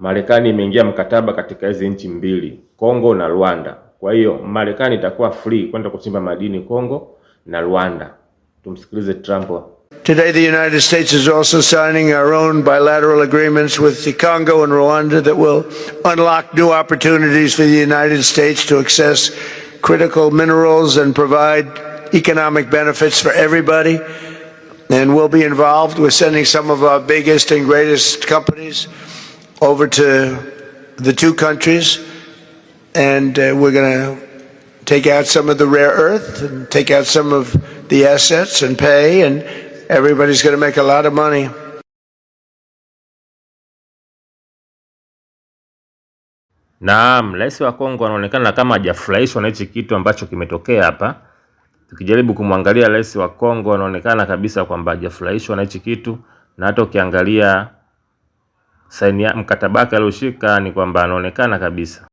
Marekani imeingia mkataba katika hizi nchi mbili Kongo na Rwanda. Kwa hiyo Marekani itakuwa free kwenda kuchimba madini Kongo na Rwanda. Tumsikilize Trump. Today the United States is also signing our own bilateral agreements with the Congo and Rwanda that will unlock new opportunities for the United States to access critical minerals and provide economic benefits for everybody. And we'll be involved with sending some of our biggest and greatest companies over to the two countries, and uh, we're going to take out some of the rare earth and take out some of the assets and pay, and everybody's going to make a lot of money. Naam, rais wa Kongo anaonekana kama hajafurahishwa na hichi kitu ambacho kimetokea hapa. Tukijaribu kumwangalia rais wa Kongo anaonekana kabisa kwamba hajafurahishwa na hichi kitu, na hata ukiangalia saini ya mkataba wake alioshika ni kwamba anaonekana kabisa